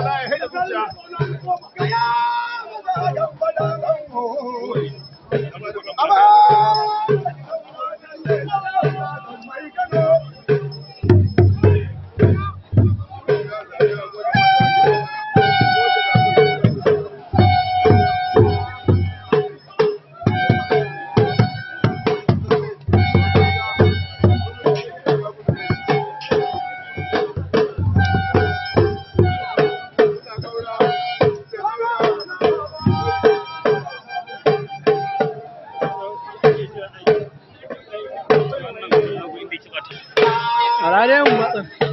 来，黑的不呀！Awesome.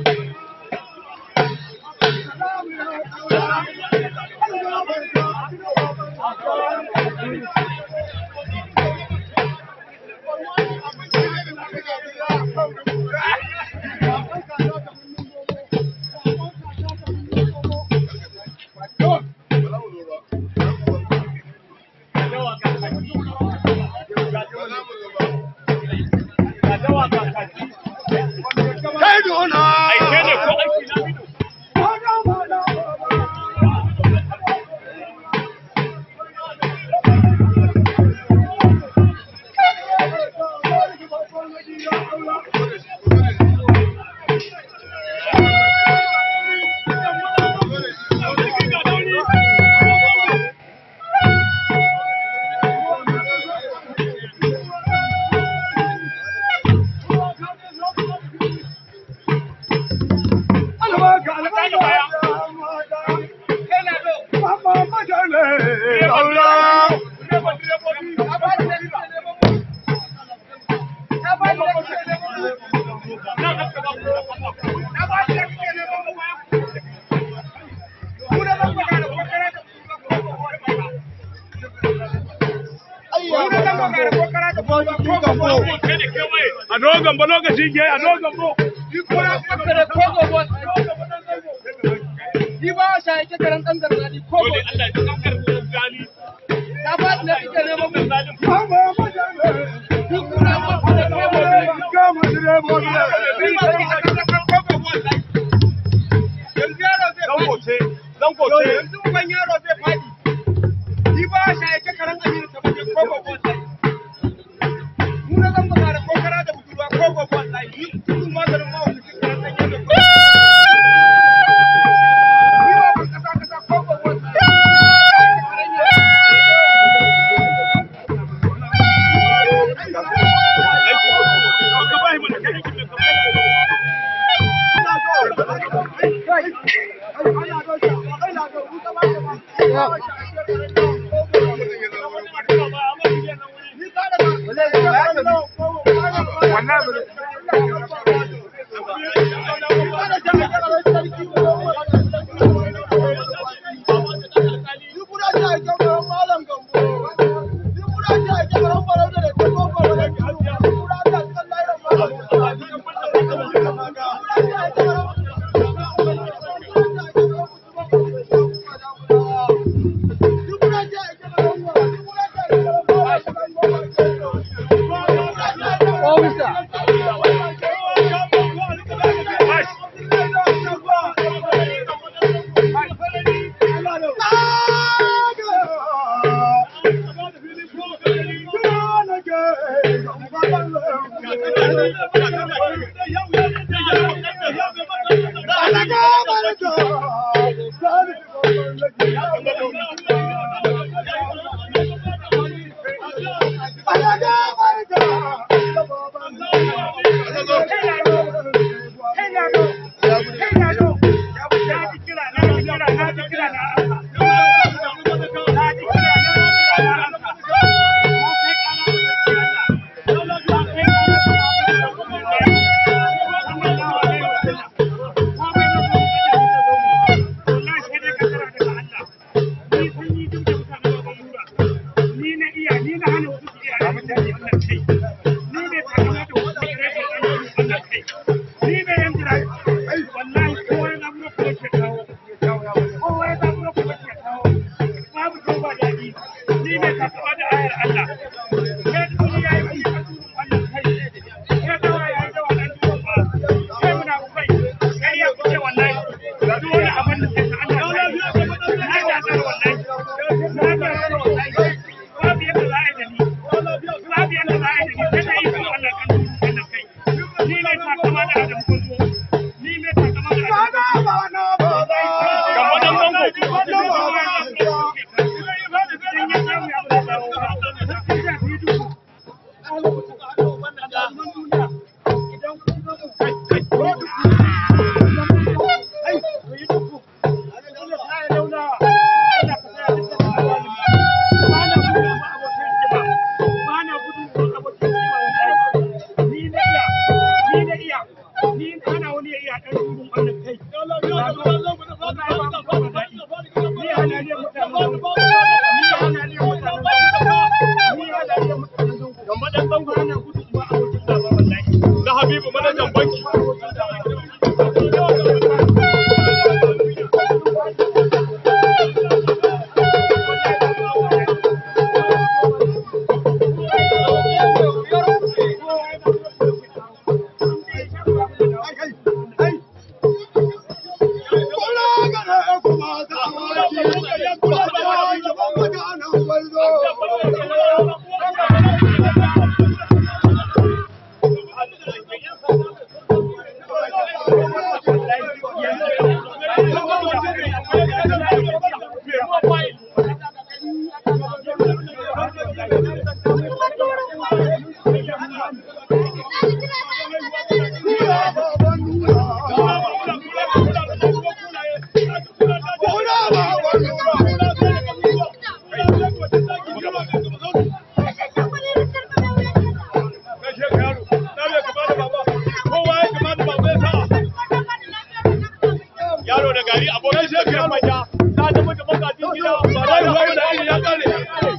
a dogon ba lokaci ke a dogon ba shi ko ya kafa da kogo ba ni bawa sha yake karan dan gargadi ko ba Allah ya san karan gargadi ta ba Thank vâng you. I'm gonna go, I'm gonna go, I'm habibu manajan banki yaro da gari abokin da kan manya ta zama da magajin gida ba da ya kare